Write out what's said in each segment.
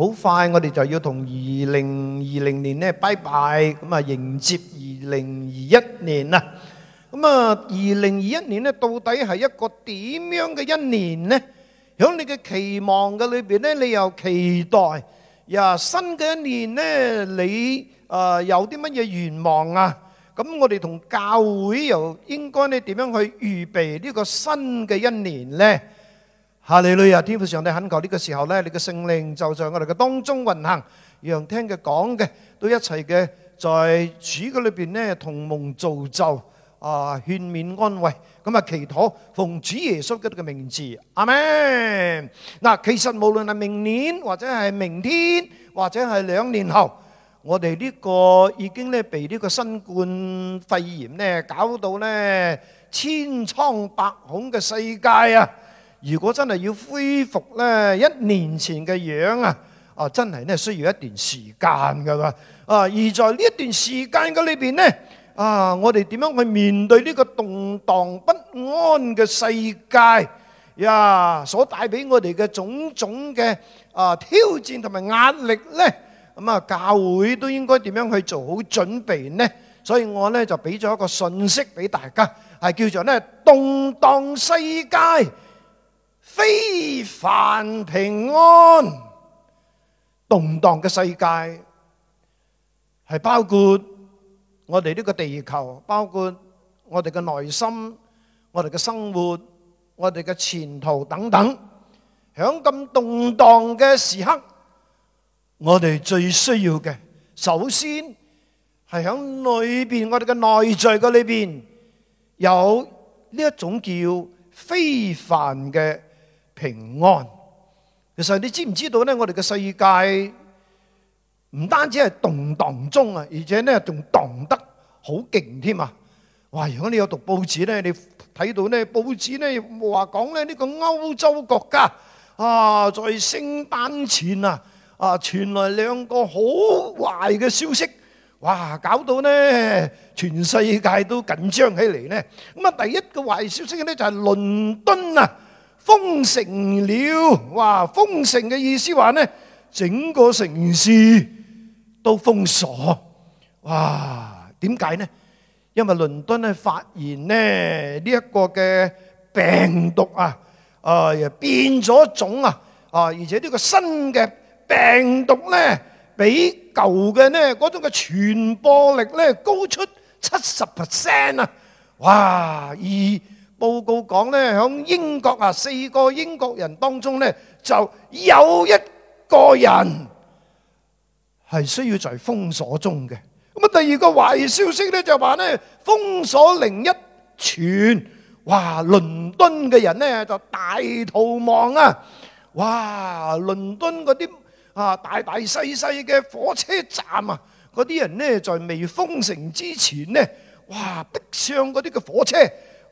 好快，我哋就要同二零二零年咧拜拜，咁啊迎接二零二一年啊。咁啊，二零二一年咧，到底係一個點樣嘅一年呢？響你嘅期望嘅裏邊咧，你又期待呀新嘅一,一年呢，你啊有啲乜嘢願望啊？咁我哋同教會又應該你點樣去預備呢個新嘅一年呢？哈利路亞，天父上帝，懇求呢個時候咧，你嘅聖靈就在我哋嘅當中運行，讓聽佢講嘅，都一齊嘅在主嘅裏邊咧同蒙造就，啊勸勉安慰，咁啊祈禱，奉主耶穌基督嘅名字，阿門。嗱，其實無論係明年或者係明天或者係兩年後，我哋呢個已經咧被呢個新冠肺炎咧搞到咧千瘡百孔嘅世界啊！如果真係要恢復呢一年前嘅樣啊，啊真係呢需要一段時間㗎啊。而在呢一段時間嘅裏邊呢啊，我哋點樣去面對呢個動盪不安嘅世界呀？所帶俾我哋嘅種種嘅啊挑戰同埋壓力呢，咁啊，教會都應該點樣去做好準備呢？所以我呢就俾咗一個信息俾大家，係叫做呢動盪世界。非凡平安，動盪嘅世界係包括我哋呢個地球，包括我哋嘅內心、我哋嘅生活、我哋嘅前途等等。響咁動盪嘅時刻，我哋最需要嘅，首先係響裏邊我哋嘅內在嘅裏邊有呢一種叫非凡嘅。平安，其實你知唔知道呢？我哋嘅世界唔單止係動盪中啊，而且呢，仲盪得好勁添啊！哇！如果你有讀報紙呢，你睇到呢報紙呢，話講呢，呢、呢個歐洲國家啊，在聖誕前啊啊傳來兩個好壞嘅消息，哇！搞到呢，全世界都緊張起嚟呢。咁啊，第一個壞消息呢，就係、係、倫敦啊！封城了，哇！封城嘅意思話呢，整個城市都封鎖。哇！點解呢？因為倫敦咧發現呢呢一個嘅病毒啊，誒變咗種啊，啊！而且呢個新嘅病毒呢，比舊嘅呢嗰種嘅傳播力呢高出七十 percent 啊！哇！而報告講呢，響英國啊，四個英國人當中呢，就有一個人係需要在封鎖中嘅。咁啊，第二個壞消息呢就話呢，封鎖令一出，哇！倫敦嘅人呢就大逃亡啊！哇！倫敦嗰啲啊，大大細細嘅火車站啊，嗰啲人呢在未封城之前呢，哇！逼上嗰啲嘅火車。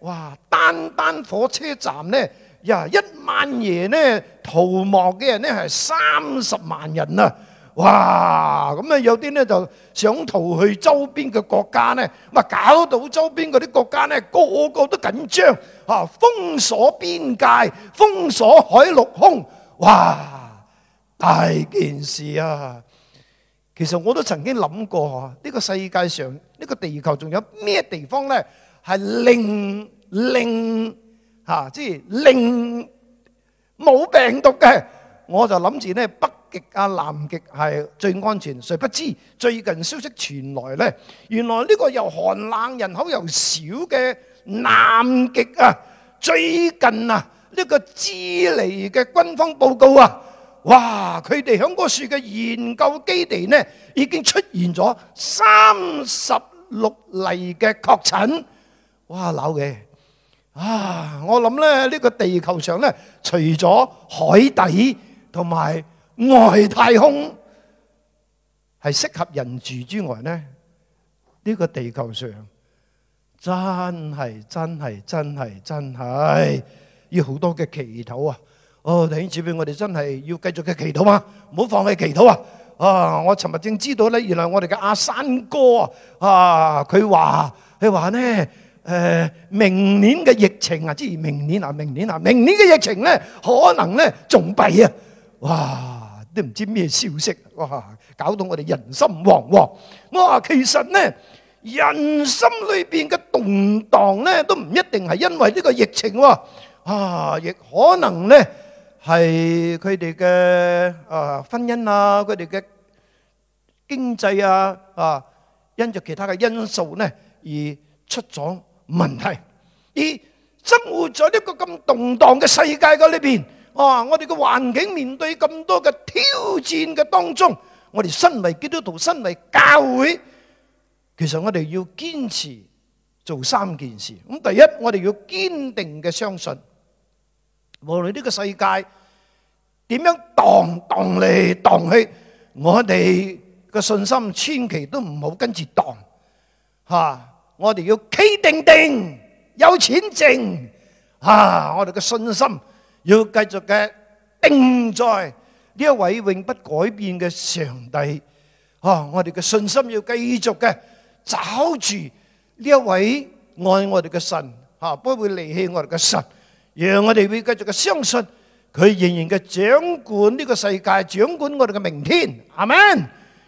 哇！單單火車站呢，呀一晚夜呢逃亡嘅人呢係三十萬人啊！哇！咁啊有啲呢就想逃去周邊嘅國家呢，咁啊搞到周邊嗰啲國家呢個個都緊張啊，封鎖邊界，封鎖海陸空，哇！大件事啊！其實我都曾經諗過啊，呢個世界上呢個地球仲有咩地方呢？係令令，嚇，即係令冇病毒嘅。我就諗住呢北極啊、南極係最安全。誰不知最近消息傳來呢，原來呢個又寒冷、人口又少嘅南極啊，最近啊呢個智利嘅軍方報告啊，哇！佢哋響嗰處嘅研究基地呢，已經出現咗三十六例嘅確診。哇！扭嘅啊！我諗咧，呢個地球上咧，除咗海底同埋外太空係適合人住之外咧，呢個地球上真係真係真係真係要好多嘅祈禱啊！哦，弟兄姊妹，我哋真係要繼續嘅祈禱啊，唔好放棄祈禱啊！啊！我尋日正知道咧，原來我哋嘅阿山哥啊，啊，佢話佢話咧。誒，明年嘅疫情啊，即係明年啊，明年啊，明年嘅疫情咧，可能咧仲弊啊！哇，都唔知咩消息，哇，搞到我哋人心惶惶。我話其實咧，人心裏邊嘅動盪咧，都唔一定係因為呢個疫情，啊，亦可能咧係佢哋嘅啊婚姻啊，佢哋嘅經濟啊，啊，因着其他嘅因素咧而出咗。問題，而生活在呢個咁動盪嘅世界嗰裏面，啊，我哋嘅環境面對咁多嘅挑戰嘅當中，我哋身為基督徒、身為教會，其實我哋要堅持做三件事。咁第一，我哋要堅定嘅相信，無論呢個世界點樣盪盪嚟盪去，我哋嘅信心千祈都唔好跟住盪，吓。我哋要企定定，有錢剩，啊！我哋嘅信心要繼續嘅定在呢一位永不改變嘅上帝，啊！我哋嘅信心要繼續嘅找住呢一位愛我哋嘅神，吓、啊、不會離棄我哋嘅神，讓我哋會繼續嘅相信佢仍然嘅掌管呢個世界，掌管我哋嘅明天。係咪？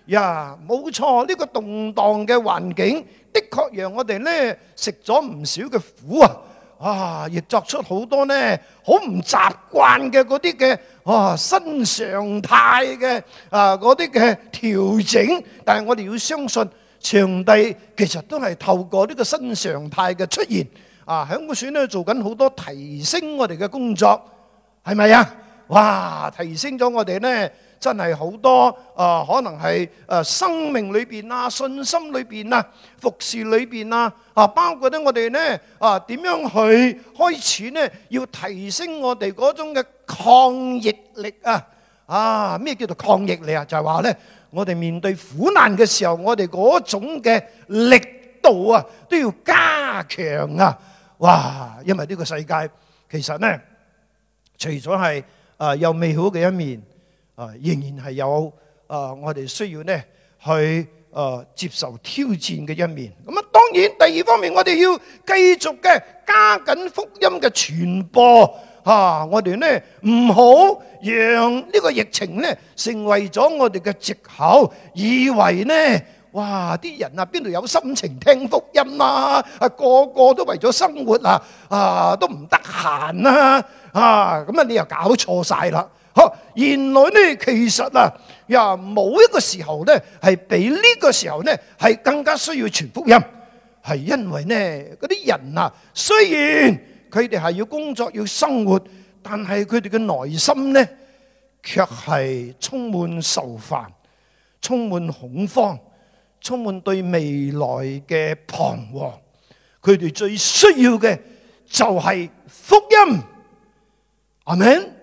呀，冇錯，呢、這個動盪嘅環境。的確讓我哋呢食咗唔少嘅苦啊！啊，亦作出好多呢好唔習慣嘅嗰啲嘅啊新常態嘅啊嗰啲嘅調整。但係我哋要相信，場地其實都係透過呢個新常態嘅出現啊，響個選呢做緊好多提升我哋嘅工作，係咪啊？哇！提升咗我哋呢～真係好多啊、呃！可能係誒生命裏邊啊、信心裏邊啊、服侍裏邊啊啊，包括咧我哋呢啊點樣去開始呢？要提升我哋嗰種嘅抗逆力啊！啊咩叫做抗逆力啊？就係話呢，我哋面對苦難嘅時候，我哋嗰種嘅力度啊都要加強啊！哇！因為呢個世界其實呢，除咗係啊有美好嘅一面。啊，仍然係有啊、呃，我哋需要咧去啊、呃、接受挑戰嘅一面。咁啊，當然第二方面，我哋要繼續嘅加緊福音嘅傳播嚇、啊。我哋呢唔好讓呢個疫情咧成為咗我哋嘅藉口，以為呢哇啲人啊邊度有心情聽福音啦、啊？啊個個都為咗生活啊，啊都唔得閒啦啊！咁啊，你又搞錯晒啦～原來呢，其實啊，也冇一個時候呢，係比呢個時候呢，係更加需要傳福音。係因為呢，嗰啲人啊，雖然佢哋係要工作要生活，但係佢哋嘅內心呢，卻係充滿愁煩，充滿恐慌，充滿對未來嘅彷徨。佢哋最需要嘅就係福音。阿門。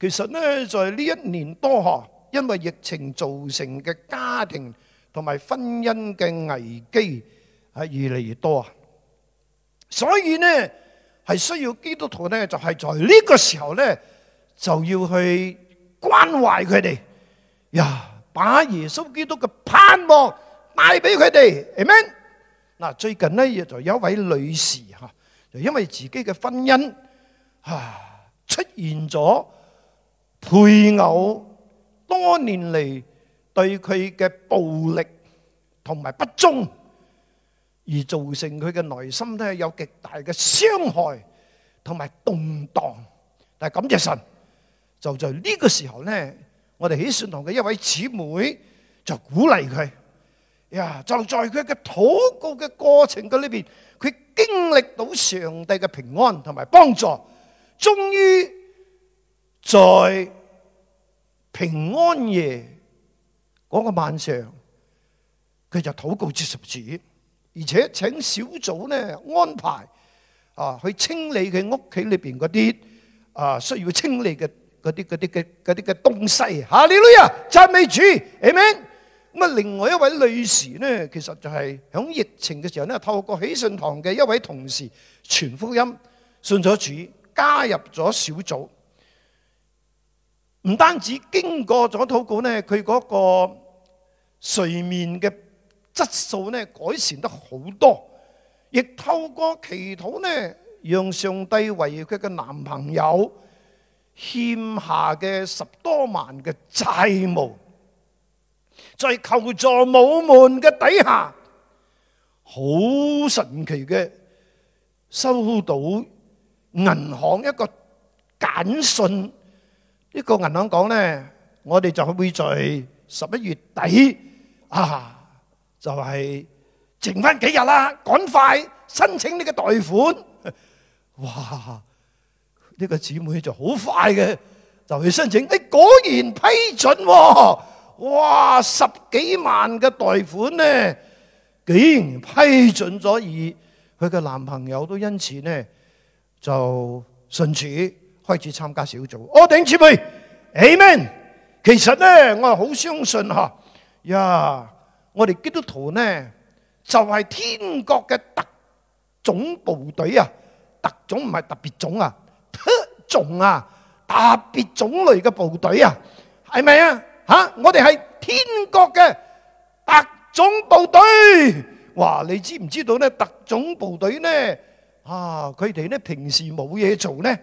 其實咧，在呢一年多吓，因為疫情造成嘅家庭同埋婚姻嘅危機係越嚟越多啊，所以咧係需要基督徒咧，就係在呢個時候咧，就要去關懷佢哋呀，把耶穌基督嘅盼望帶俾佢哋，係咪？嗱，最近咧亦就有一位女士吓，就因為自己嘅婚姻啊出現咗。配偶多年嚟對佢嘅暴力同埋不忠，而造成佢嘅內心都係有極大嘅傷害同埋動盪。但感謝神，就在呢個時候呢，我哋喜善堂嘅一位姊妹就鼓勵佢，呀，就在佢嘅禱告嘅過程嘅裏邊，佢經歷到上帝嘅平安同埋幫助，終於。在平安夜嗰個晚上，佢就禱告接受主，而且請小組呢安排啊，去清理佢屋企裏邊嗰啲啊需要清理嘅嗰啲嗰啲嘅嗰啲嘅東西。哈利路亞，讚美主，amen。咁啊，另外一位女士呢，其實就係響疫情嘅時候呢，透過喜訊堂嘅一位同事傳福音，信咗主，加入咗小組。唔單止經過咗禱告呢，佢嗰個睡眠嘅質素咧，改善得好多，亦透過祈禱呢讓上帝為佢嘅男朋友欠下嘅十多萬嘅債務，在求助無門嘅底下，好神奇嘅收到銀行一個簡訊。呢個銀行講呢，我哋就會在十一月底啊，就係剩翻幾日啦，趕快申請呢個貸款。哇！呢個姊妹就好快嘅就去申請，誒果然批准，哇，十幾萬嘅貸款呢，竟然批准咗，而佢嘅男朋友都因此呢就信主。開始參加小組，我頂住佢，Amen。其實咧，我好相信吓呀、啊，我哋基督徒呢就係、是、天國嘅特種部隊啊，特種唔係特別種啊，特種啊，特別種類嘅部隊啊，係咪啊？吓，我哋係天國嘅特種部隊。哇，你知唔知道咧？特種部隊呢，啊，佢哋咧平時冇嘢做呢。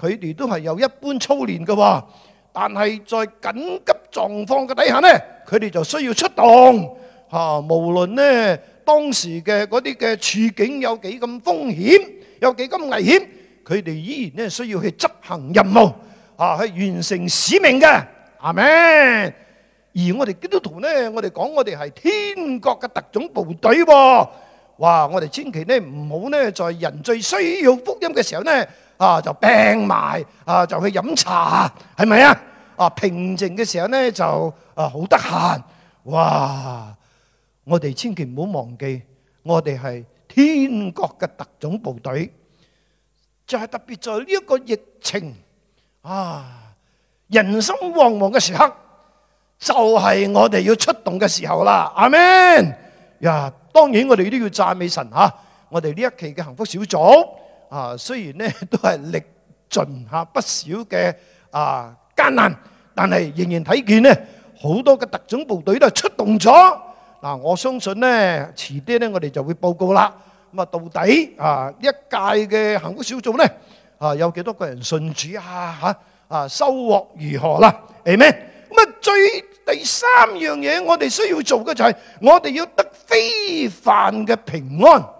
佢哋都係有一般操練㗎喎，但係在緊急狀況嘅底下呢，佢哋就需要出動嚇。無論呢當時嘅嗰啲嘅處境有幾咁風險，有幾咁危險，佢哋依然呢需要去執行任務嚇，去完成使命嘅。係咪？而我哋基督徒呢，我哋講我哋係天國嘅特種部隊喎。哇！我哋千祈呢唔好呢，在人最需要福音嘅時候呢。啊，就病埋，啊，就去飲茶，係咪啊？啊，平靜嘅時候呢，就啊，好得閒。哇！我哋千祈唔好忘記，我哋係天國嘅特種部隊，就係特別在呢一個疫情啊，人心惶惶嘅時刻，就係我哋要出動嘅時候啦。阿們，呀，當然我哋都要讚美神吓，我哋呢一期嘅幸福小組。啊，雖然呢都係歷盡下不少嘅啊艱難，但係仍然睇見呢好多嘅特種部隊都出動咗。嗱，我相信呢遲啲呢我哋就會報告啦。咁啊，到底啊一屆嘅幸福小組呢啊有幾多個人信主啊吓，啊收穫如何啦？係咩？咁啊，最第三樣嘢我哋需要做嘅就係我哋要得非凡嘅平安。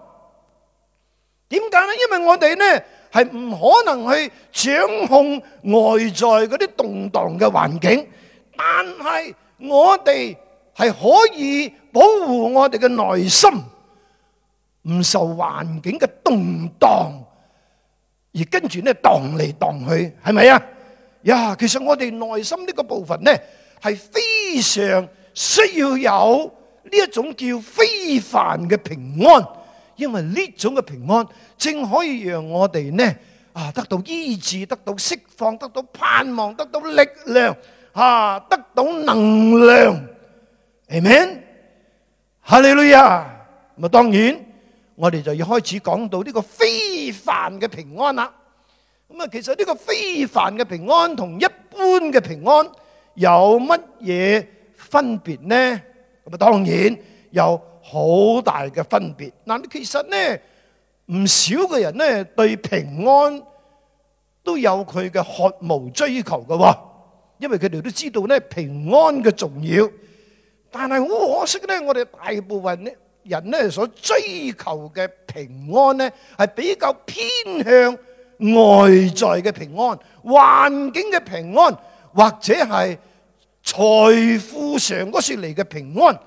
點解呢？因為我哋呢係唔可能去掌控外在嗰啲動盪嘅環境，但係我哋係可以保護我哋嘅內心唔受環境嘅動盪，而跟住呢盪嚟盪去，係咪啊？呀，其實我哋內心呢個部分呢係非常需要有呢一種叫非凡嘅平安。因為呢種嘅平安，正可以讓我哋呢啊得到醫治，得到釋放，得到盼望，得到力量，啊，得到能量，係咪？哈利路亞！咁啊，當然，我哋就要開始講到呢個非凡嘅平安啦。咁啊，其實呢個非凡嘅平安同一般嘅平安有乜嘢分別呢？咁啊，當然有。好大嘅分別嗱，你其實呢，唔少嘅人呢對平安都有佢嘅渴慕追求嘅，因為佢哋都知道呢，平安嘅重要。但係好可惜呢，我哋大部分呢人呢所追求嘅平安呢，係比較偏向外在嘅平安，環境嘅平安，或者係財富上嗰説嚟嘅平安。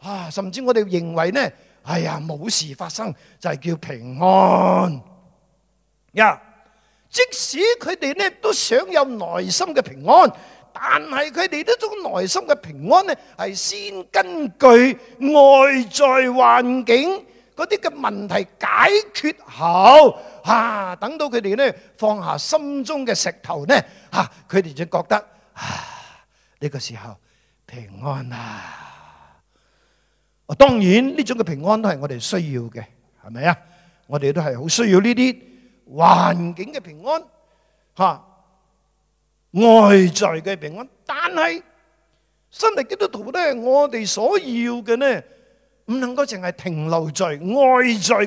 啊，甚至我地認為，呢，哎呀，冇事發生就係叫平安呀。即使佢地呢，都想有內心的平安。但係佢地呢種內心的平安呢，係先根據外在環境嗰啲嘅問題解決後，啊，等到佢地呢放下心中嘅石頭呢，佢地就覺得啊，呢個時候平安啦。當然呢種嘅平安都係我哋需要嘅，係咪啊？我哋都係好需要呢啲環境嘅平安，吓，外在嘅平安。但係新力基督徒咧，我哋所要嘅咧，唔能夠淨係停留在外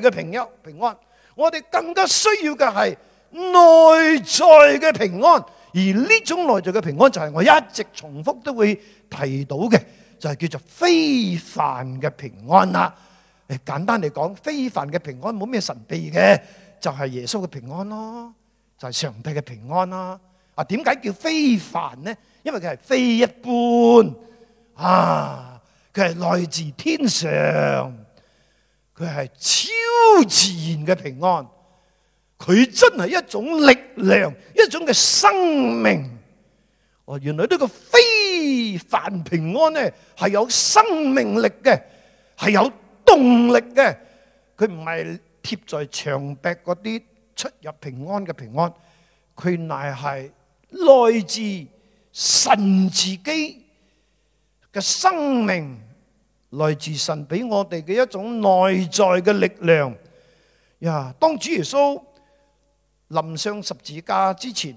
在嘅平安平安。我哋更加需要嘅係內在嘅平安。而呢種內在嘅平安就係我一直重複都會提到嘅。就係叫做非凡嘅平安啦。誒，簡單嚟講，非凡嘅平安冇咩神秘嘅，就係耶穌嘅平安咯，就係上帝嘅平安啦。啊，點解叫非凡呢？因為佢係非一般啊，佢係來自天上，佢係超自然嘅平安，佢真係一種力量，一種嘅生命。哦，原來呢個非。非凡平安呢，係有生命力嘅，係有動力嘅。佢唔係貼在牆壁嗰啲出入平安嘅平安，佢乃係來自神自己嘅生命，來自神俾我哋嘅一種內在嘅力量。呀，當主耶穌臨上十字架之前。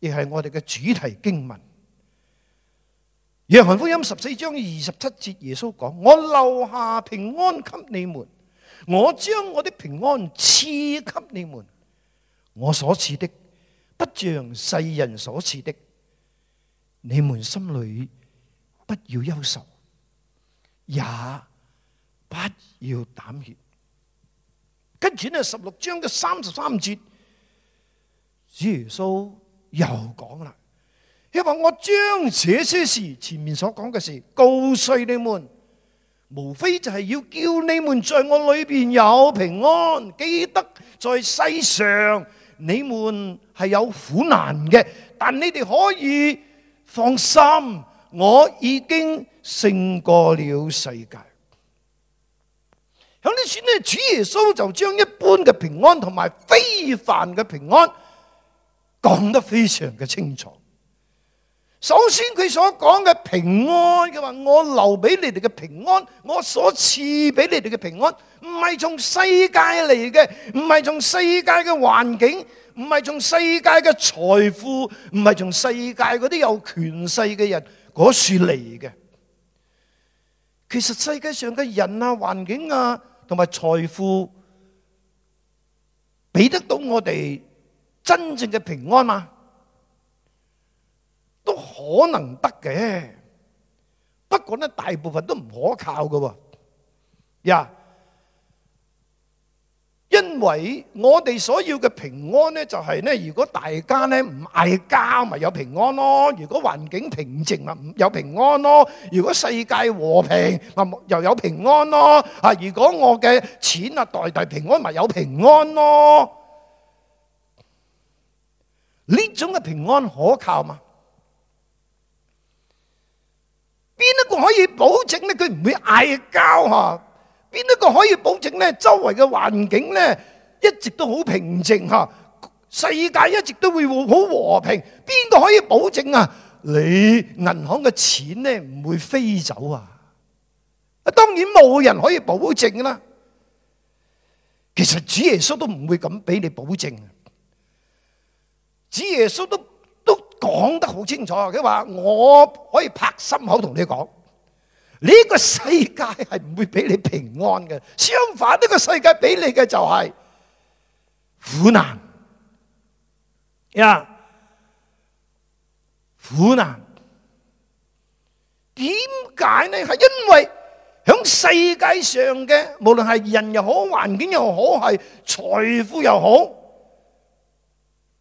亦係我哋嘅主題經文。約翰福音十四章二十七節，耶穌講：我留下平安給你們，我將我的平安賜給你們，我所賜的不像世人所賜的。你們心裏不要憂愁，也不要膽怯。跟住呢，十六章嘅三十三節，耶穌。又講啦，希望我將這些事前面所講嘅事告訴你們，無非就係要叫你們在我裏面有平安。記得在世上你們係有苦難嘅，但你哋可以放心，我已經勝過了世界。響呢處呢，主耶穌就將一般嘅平安同埋非凡嘅平安。講得非常嘅清楚。首先，佢所講嘅平安，佢話我留俾你哋嘅平安，我所賜俾你哋嘅平安，唔係從世界嚟嘅，唔係從世界嘅環境，唔係從世界嘅財富，唔係從世界嗰啲有權勢嘅人嗰處嚟嘅。其實世界上嘅人啊、環境啊，同埋財富，俾得到我哋。真正嘅平安嘛，都可能得嘅。不過咧，大部分都唔可靠㗎。呀，因為我哋所要嘅平安咧，就係咧，如果大家咧唔嗌交，咪有平安咯；如果環境平靜啊，咪有平安咯；如果世界和平啊，又有平安咯。啊，如果我嘅錢啊代代平安，咪有平安咯。呢種嘅平安可靠嗎？邊一個可以保證呢？佢唔會嗌交吓？邊一個可以保證呢？周圍嘅環境呢，一直都好平靜吓，世界一直都會好和平。邊個可以保證啊？你銀行嘅錢呢，唔會飛走啊？啊，當然冇人可以保證啦。其實主耶穌都唔會咁俾你保證。主耶穌都都講得好清楚，佢話我可以拍心口同你講，呢個世界係唔會俾你平安嘅，相反呢個世界俾你嘅就係苦難，呀、yeah，苦難點解呢？係因為響世界上嘅無論係人又好，環境又好，係財富又好。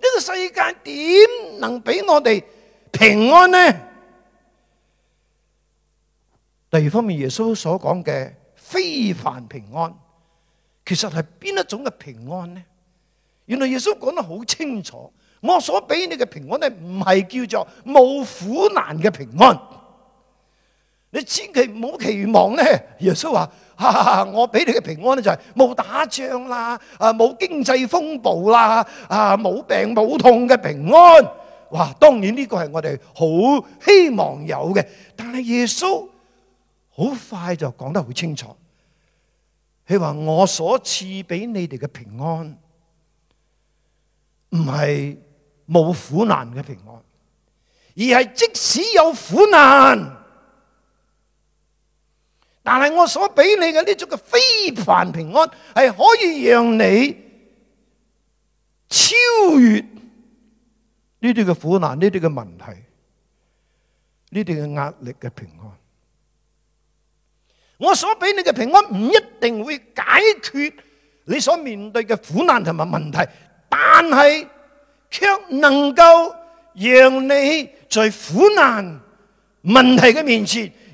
呢個世界點能俾我哋平安呢？第二方面，耶穌所講嘅非凡平安，其實係邊一種嘅平安呢？原來耶穌講得好清楚，我所俾你嘅平安，唔係叫做冇苦難嘅平安。你千祈唔好期望呢，耶穌話。我俾你嘅平安咧就係冇打仗啦，啊冇經濟風暴啦，啊冇病冇痛嘅平安。哇，當然呢個係我哋好希望有嘅，但係耶穌好快就講得好清楚，佢話我所賜俾你哋嘅平安，唔係冇苦難嘅平安，而係即使有苦難。但係我所俾你嘅呢種嘅非凡平安，係可以讓你超越呢啲嘅苦難、呢啲嘅問題、呢啲嘅壓力嘅平安。我所俾你嘅平安唔一定會解決你所面對嘅苦難同埋問題，但係卻能夠讓你在苦難問題嘅面前。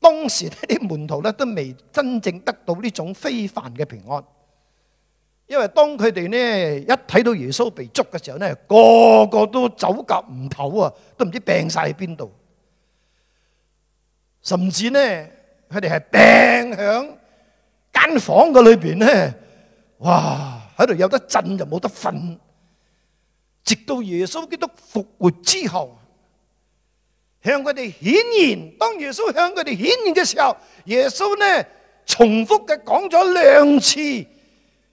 當時呢啲門徒咧都未真正得到呢種非凡嘅平安，因為當佢哋咧一睇到耶穌被捉嘅時候咧，個個都走夾唔唞啊，都唔知病曬喺邊度，甚至咧佢哋係病響間房嘅裏邊咧，哇喺度有得震就冇得瞓，直到耶穌基督復活之後。向佢哋顯現，當耶穌向佢哋顯現嘅時候，耶穌呢重複嘅講咗兩次，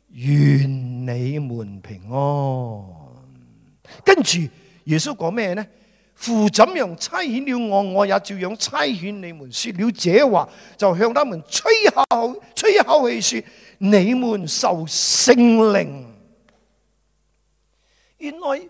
願你們平安。跟住耶穌講咩呢？父怎樣差遣了我，我也照樣差遣你們。說了這話，就向他們吹口吹一口氣，說你們受聖靈。原來。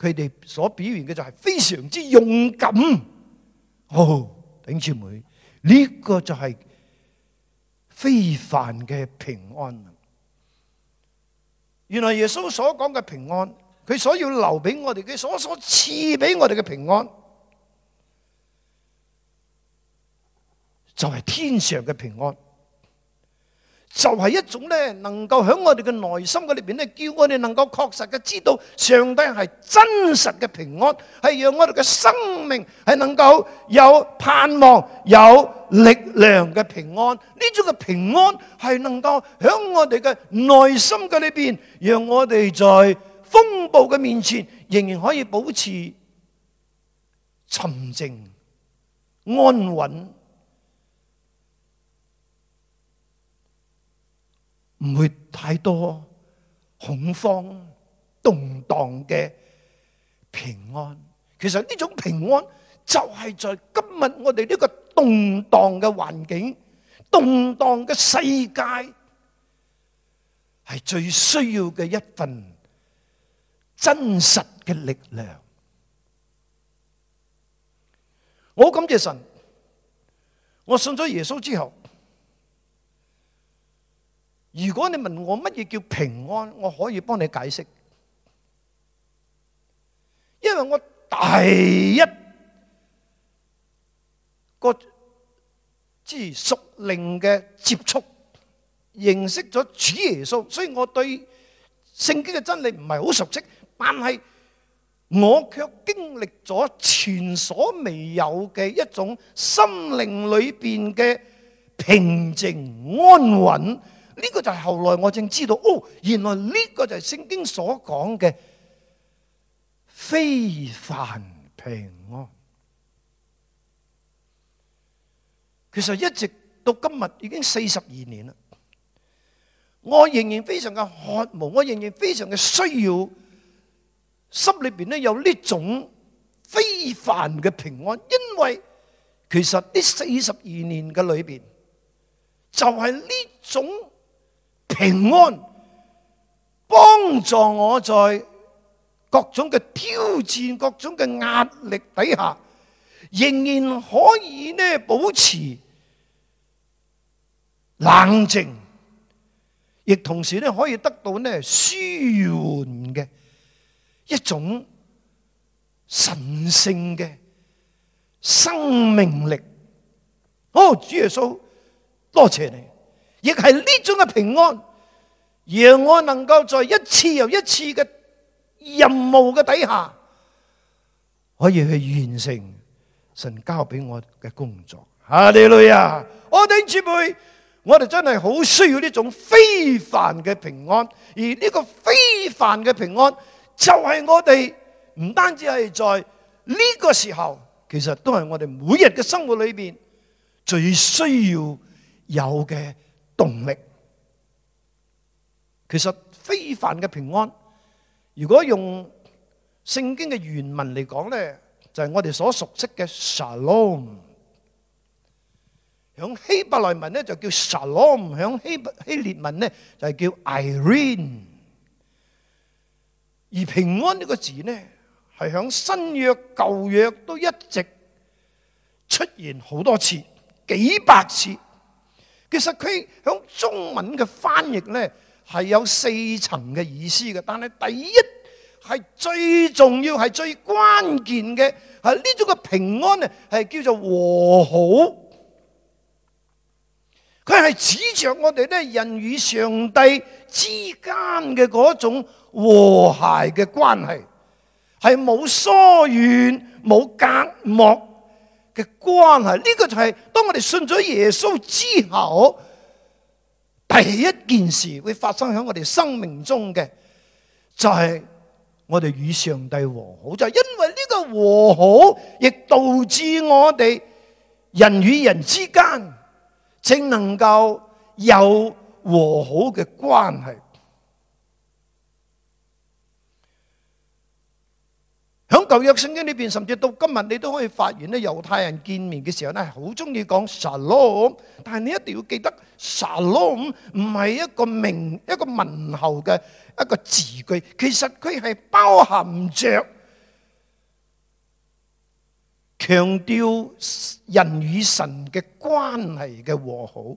佢哋所表現嘅就係非常之勇敢，哦，頂住妹，呢個就係非凡嘅平安。原來耶穌所講嘅平安，佢所要留俾我哋嘅，佢所所賜俾我哋嘅平安，就係天上嘅平安。就係一種咧，能夠喺我哋嘅內心嗰裏面咧，叫我哋能夠確實嘅知道上帝係真實嘅平安，係讓我哋嘅生命係能夠有盼望、有力量嘅平安。呢種嘅平安係能夠喺我哋嘅內心嗰裏面，讓我哋在風暴嘅面前仍然可以保持沉靜、安穩。唔會太多恐慌、動蕩嘅平安。其實呢種平安就係在今日我哋呢個動蕩嘅環境、動蕩嘅世界，係最需要嘅一份真實嘅力量。我感謝神，我信咗耶穌之後。如果你問我乜嘢叫平安，我可以幫你解釋，因為我第一個即係屬靈嘅接觸，認識咗主耶穌，所以我對聖經嘅真理唔係好熟悉，但係我卻經歷咗前所未有嘅一種心靈裏面嘅平靜、安穩。呢個就係後來我正知道，哦，原來呢個就係聖經所講嘅非凡平安。其實一直到今日已經四十二年啦，我仍然非常嘅渴慕，我仍然非常嘅需要，心裏邊咧有呢種非凡嘅平安，因為其實呢四十二年嘅裏邊就係呢種。平安幫助我在各種嘅挑戰、各種嘅壓力底下，仍然可以呢保持冷靜，亦同時呢可以得到呢舒緩嘅一種神聖嘅生命力。哦，主耶穌，多謝你，亦係呢種嘅平安。讓我能夠在一次又一次嘅任務嘅底下，可以去完成神交俾我嘅工作。阿、啊、啲女啊，我哋姊、姊妹，我哋真係好需要呢種非凡嘅平安。而呢個非凡嘅平安，就係我哋唔單止係在呢個時候，其實都係我哋每日嘅生活裏邊最需要有嘅動力。其實非凡嘅平安，如果用聖經嘅原文嚟講呢，就係我哋所熟悉嘅 shalom。響希伯來文呢就叫 shalom，響希希列文呢就係叫 Irene。而平安呢個字呢，係響新約舊約都一直出現好多次，幾百次。其實佢響中文嘅翻譯呢。係有四層嘅意思嘅，但係第一係最重要，係最關鍵嘅，係呢種嘅平安咧，係叫做和好。佢係指着我哋咧人與上帝之間嘅嗰種和諧嘅關係，係冇疏遠、冇隔膜嘅關係。呢個就係當我哋信咗耶穌之後。第一件事會發生喺我哋生命中嘅，就係我哋與上帝和好，就係因為呢個和好，亦導致我哋人與人之間，正能夠有和好嘅關係。喺舊約聖經裏邊，甚至到今日，你都可以發現咧，猶太人見面嘅時候咧，好中意講 Shalom。但係你一定要記得，Shalom 唔唔係一個名、一個問候嘅一個字句，其實佢係包含著強調人與神嘅關係嘅和好。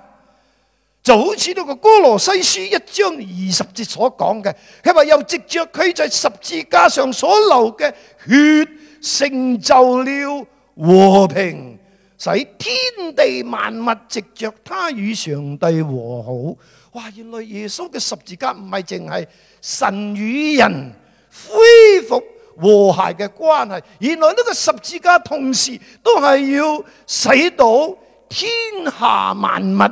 就好似《呢個哥羅西書一章二十節》所講嘅，係咪又藉着佢在十字架上所流嘅血，成就了和平，使天地萬物藉著他與上帝和好。哇！原來耶穌嘅十字架唔係淨係神與人恢復和諧嘅關係，原來呢個十字架同時都係要使到天下萬物。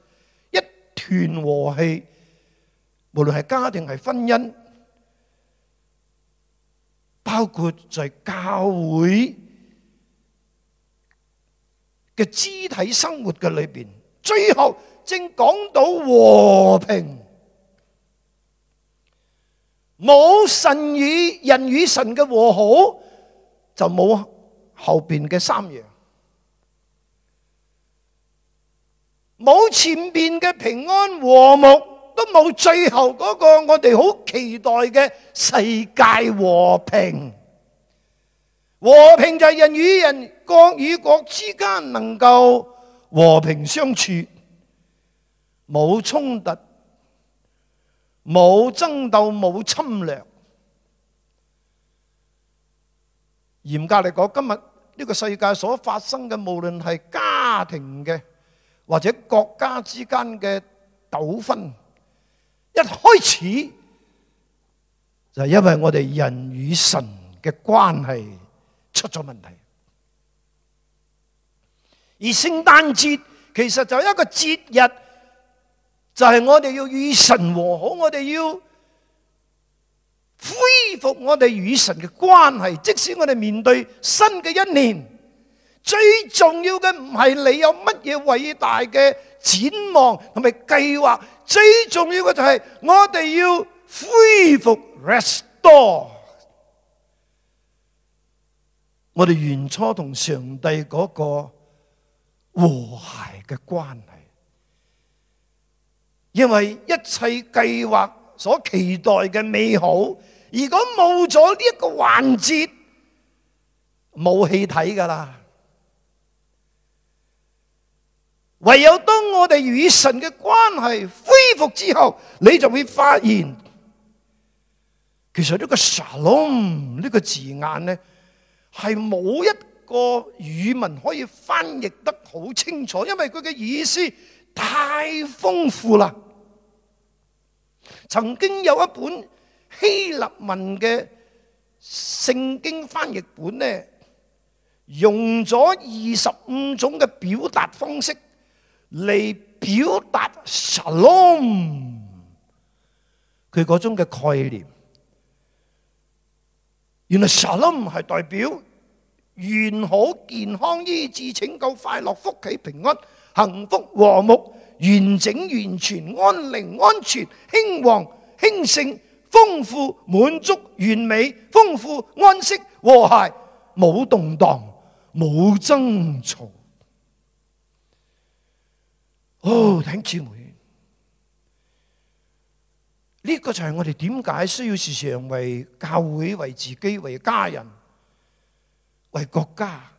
斷和氣，無論係家庭、係婚姻，包括在教會嘅肢體生活嘅裏邊，最後正講到和平。冇神與人與神嘅和好，就冇後邊嘅三樣。冇前面嘅平安和睦，都冇最後嗰個我哋好期待嘅世界和平。和平就係人與人、國與國之間能夠和平相處，冇衝突，冇爭鬥，冇侵略。嚴格嚟講，今日呢個世界所發生嘅無論係家庭嘅或者國家之間嘅糾紛，一開始就係因為我哋人與神嘅關係出咗問題，而聖誕節其實就係一個節日，就係我哋要與神和好，我哋要恢復我哋與神嘅關係，即使我哋面對新嘅一年。最重要嘅唔係你有乜嘢偉大嘅展望同埋計劃，最重要嘅就係我哋要恢復 restore 我哋原初同上帝嗰個和諧嘅關係，因為一切計劃所期待嘅美好，如果冇咗呢一個環節，冇戲睇噶啦。唯有當我哋與神嘅關係恢復之後，你就會發現，其實呢個 Shalom 呢個字眼呢，係冇一個語文可以翻譯得好清楚，因為佢嘅意思太豐富啦。曾經有一本希臘文嘅聖經翻譯本呢，用咗二十五種嘅表達方式。嚟表達 Shalom，佢嗰種嘅概念，原來 Shalom 係代表完好、健康、醫治、拯救、快樂、福氣、平安、幸福、和睦、完整、完全、安寧、安全、興旺、興盛、豐富、滿足、完美、豐富、安息、和諧、冇動盪、冇爭吵。哦，弟兄姊妹，呢、這個就係我哋點解需要時常為教會、為自己、為家人、為國家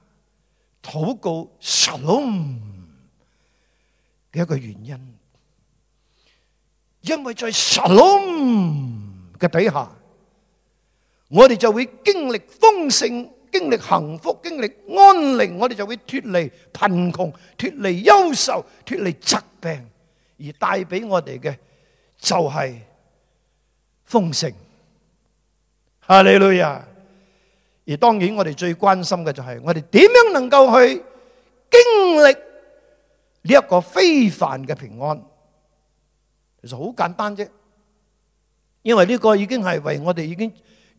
禱告神嘅一個原因，因為在神嘅底下，我哋就會經歷豐盛。經歷幸福，經歷安寧，我哋就會脫離貧窮，脫離憂愁，脫離疾病，而帶俾我哋嘅就係豐盛。哈利路亞！而當然，我哋最關心嘅就係我哋點樣能夠去經歷呢一個非凡嘅平安。其實好簡單啫，因為呢個已經係為我哋已經。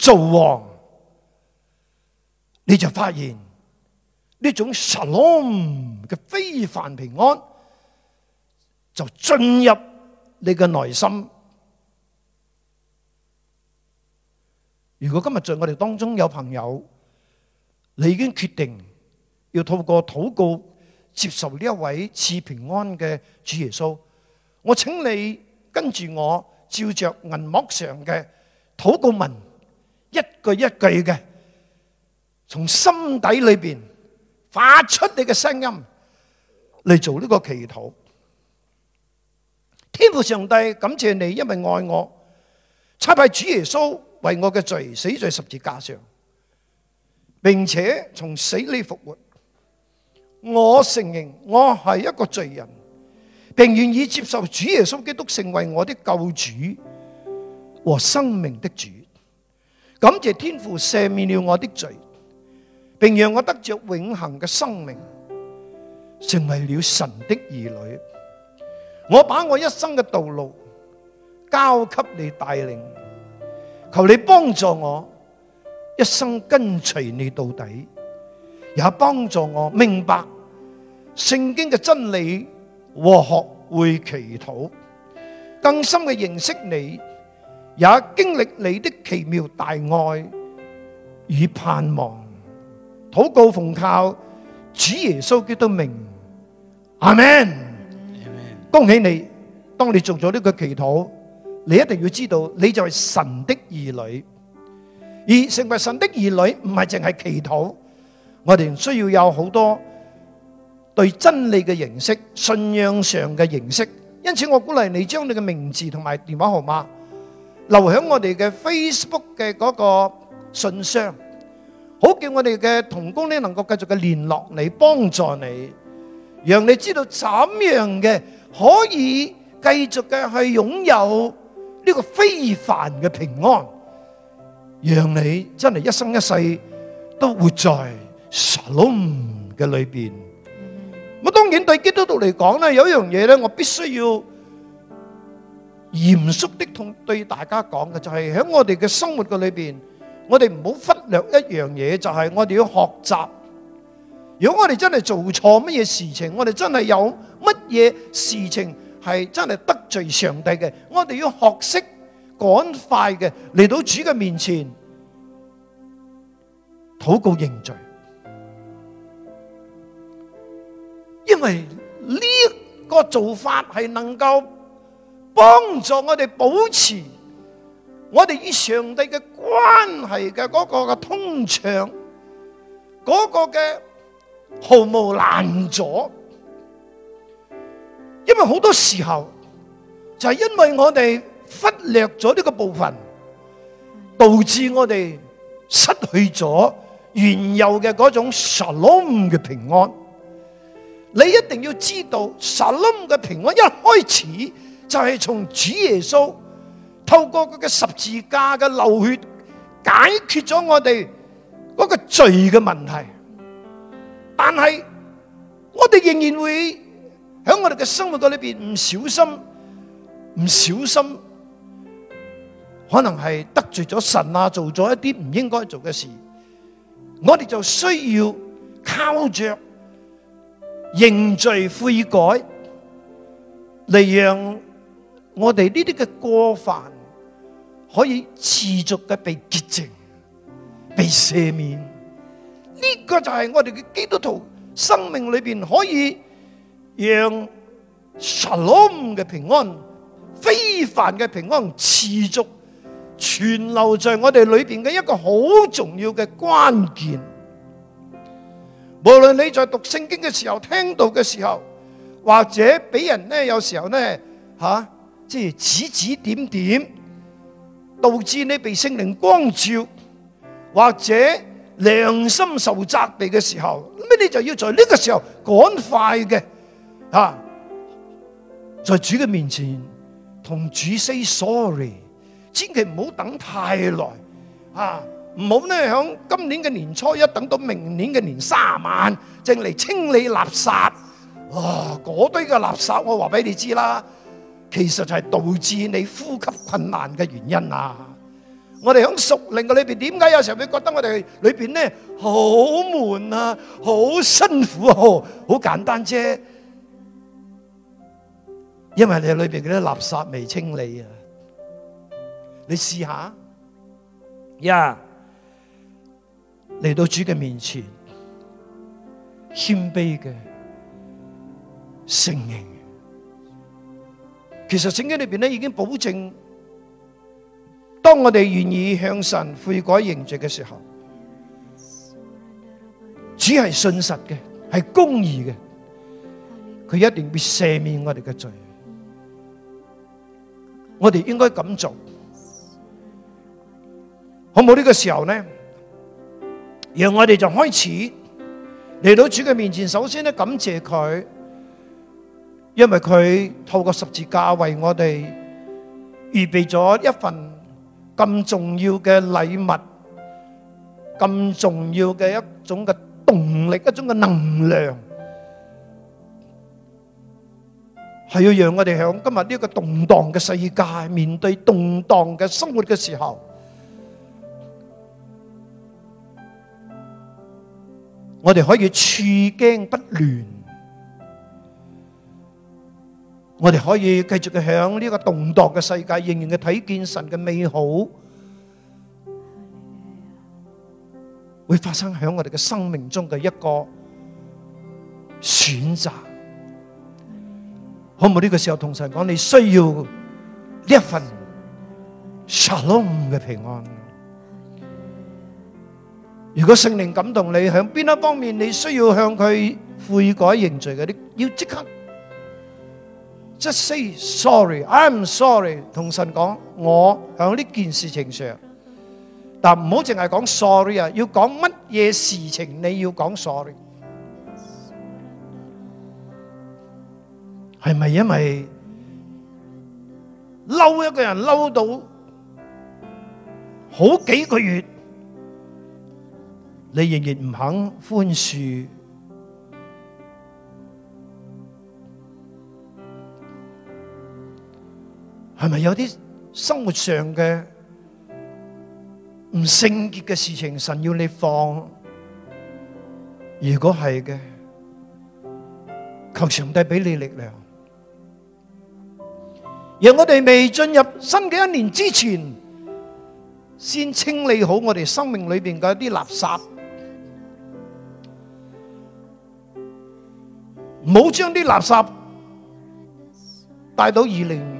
做王你就發現呢種 Shalom 嘅非凡平安就進入你嘅內心。如果今日在我哋當中有朋友，你已經決定要透過禱告接受呢一位賜平安嘅主耶穌，我請你跟住我，照着銀幕上嘅禱告文。一句一句嘅，從心底裏邊發出你嘅聲音嚟做呢個祈禱。天父上帝，感謝你，因為愛我，差派主耶穌為我嘅罪死在十字架上，並且從死裏復活。我承認我係一個罪人，並願意接受主耶穌基督成為我的救主和生命的主。感謝天父赦免了我的罪，並讓我得着永恆嘅生命，成為了神的兒女。我把我一生嘅道路交給你帶領，求你幫助我一生跟隨你到底，也幫助我明白聖經嘅真理和學會祈禱，更深嘅認識你。也經歷你的奇妙大愛與盼望，禱告奉靠主耶穌基督名，阿門。恭喜你，當你做咗呢個祈禱，你一定要知道，你就係神的兒女。而成為神的兒女，唔係淨係祈禱，我哋需要有好多對真理嘅認識、信仰上嘅認識。因此，我鼓勵你將你嘅名字同埋電話號碼。留喺我哋嘅 Facebook 嘅嗰個信箱，好叫我哋嘅同工咧能夠繼續嘅聯絡你，幫助你，讓你知道怎樣嘅可以繼續嘅去擁有呢個非凡嘅平安，讓你真係一生一世都活在 shalom 嘅裏邊。咁當然對基督徒嚟講咧，有一樣嘢咧，我必須要嚴肅的同對大家講嘅就係喺我哋嘅生活嘅裏邊，我哋唔好忽略一樣嘢，就係我哋要學習。如果我哋真係做錯乜嘢事情，我哋真係有乜嘢事情係真係得罪上帝嘅，我哋要學識趕快嘅嚟到主嘅面前禱告認罪，因為呢個做法係能夠。幫助我哋保持我哋與上帝嘅關係嘅嗰個嘅通暢，嗰個嘅毫無難阻。因為好多時候就係因為我哋忽略咗呢個部分，導致我哋失去咗原有嘅嗰種沙隆嘅平安。你一定要知道沙隆嘅平安一開始。就係從主耶穌透過佢嘅十字架嘅流血解決咗我哋嗰個罪嘅問題，但係我哋仍然會喺我哋嘅生活嗰裏邊唔小心，唔小心，可能係得罪咗神啊，做咗一啲唔應該做嘅事，我哋就需要靠着認罪悔改嚟讓。我哋呢啲嘅過犯可以持續嘅被潔淨、被赦免，呢、這個就係我哋嘅基督徒生命裏邊可以讓 Shalom 嘅平安、非凡嘅平安持續存留在我哋裏邊嘅一個好重要嘅關鍵。無論你在讀聖經嘅時候聽到嘅時候，或者俾人呢有時候呢。吓。即係指指點點，導致你被聖靈光照，或者良心受責備嘅時候，咁你就要在呢個時候趕快嘅啊，在主嘅面前同主 say sorry，千祈唔好等太耐啊，唔好呢。響今年嘅年初一等到明年嘅年卅晚，正嚟清理垃圾，哇、哦！嗰堆嘅垃圾我，我話俾你知啦～其實就係導致你呼吸困難嘅原因啊！我哋喺屬靈嘅裏邊，點解有時候會覺得我哋裏邊咧好悶啊、好辛苦啊、好簡單啫？因為你裏邊嗰啲垃圾未清理啊！你試下，呀嚟到主嘅面前，謙卑嘅承認。其實聖經裏邊咧已經保證，當我哋願意向神悔改認罪嘅時候，主係信實嘅，係公義嘅，佢一定會赦免我哋嘅罪。我哋應該咁做，好冇？呢個時候咧，然後我哋就開始嚟到主嘅面前，首先咧感謝佢。因為佢透過十字架為我哋預備咗一份咁重要嘅禮物，咁重要嘅一種嘅動力，一種嘅能量，係要讓我哋喺今日呢個動盪嘅世界，面對動盪嘅生活嘅時候，我哋可以處驚不亂。我哋可以繼續嘅響呢個動盪嘅世界，仍然嘅睇見神嘅美好，會發生響我哋嘅生命中嘅一個選擇，可唔可以？呢個時候同神講，你需要呢一份 Shalom 嘅平安。如果聖靈感動你，響邊一方面你需要向佢悔改認罪，嗰啲要即刻。Just say sorry, I'm sorry，同神講我響呢件事情上，但唔好淨係講 sorry 啊，要講乜嘢事情你要講 sorry，係咪因為嬲一個人嬲到好幾個月，你仍然唔肯寬恕？係咪有啲生活上嘅唔聖潔嘅事情，神要你放？如果係嘅，求上帝俾你力量，讓我哋未進入新嘅一年之前，先清理好我哋生命裏面嘅一啲垃圾，唔好將啲垃圾帶到二零。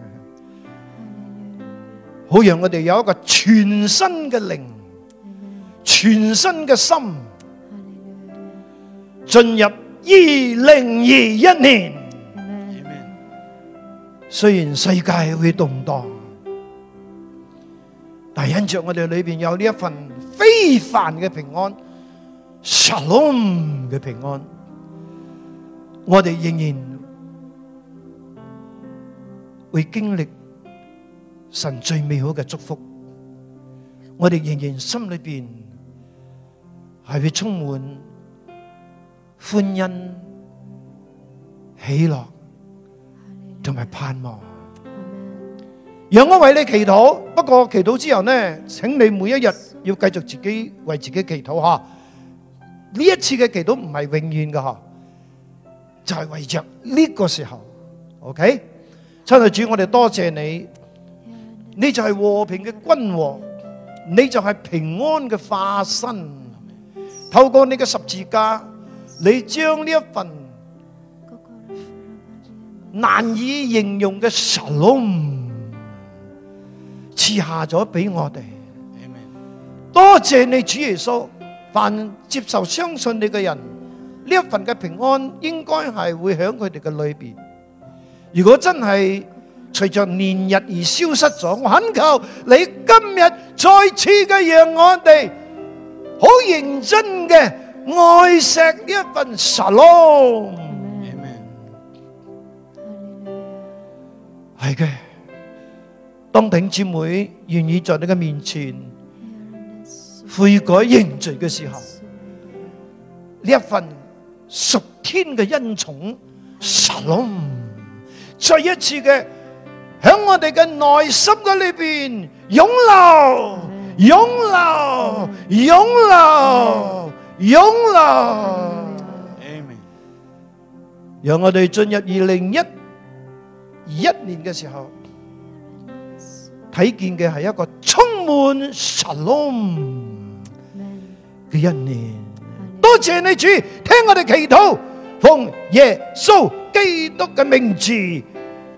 好讓我哋有一個全新嘅靈，全新嘅心，進入二零二一年。Amen. 雖然世界會動盪，但因着我哋裏邊有呢一份非凡嘅平安，Shalom 嘅平安，我哋仍然會經歷。神最美好嘅祝福，我哋仍然心裏邊係會充滿歡欣、喜樂同埋盼望。讓我為你祈禱。不過祈禱之後呢，請你每一日要繼續自己為自己祈禱。吓，呢一次嘅祈禱唔係永遠嘅，吓，就係為着呢個時候。OK，親愛的主，我哋多謝你。你就係和平嘅君王，你就係平安嘅化身。透過你嘅十字架，你將呢一份難以形容嘅神賜下咗俾我哋。多謝你，主耶穌，凡接受相信你嘅人，呢一份嘅平安應該係會響佢哋嘅裏邊。如果真係，隨着年日而消失咗，我懇求你今日再次嘅讓我哋好認真嘅愛錫呢一份沙龍。阿門。阿門。係嘅，當弟兄姊妹願意在你嘅面前悔改認罪嘅時候，呢一份屬天嘅恩寵沙龍，再一次嘅。喺我哋嘅內心嘅裏邊湧流、湧流、湧流、湧流。阿門。讓我哋進入二零一一年嘅時候，睇見嘅係一個充滿神龍嘅一年。多謝你主，聽我哋祈禱，奉耶穌基督嘅名字。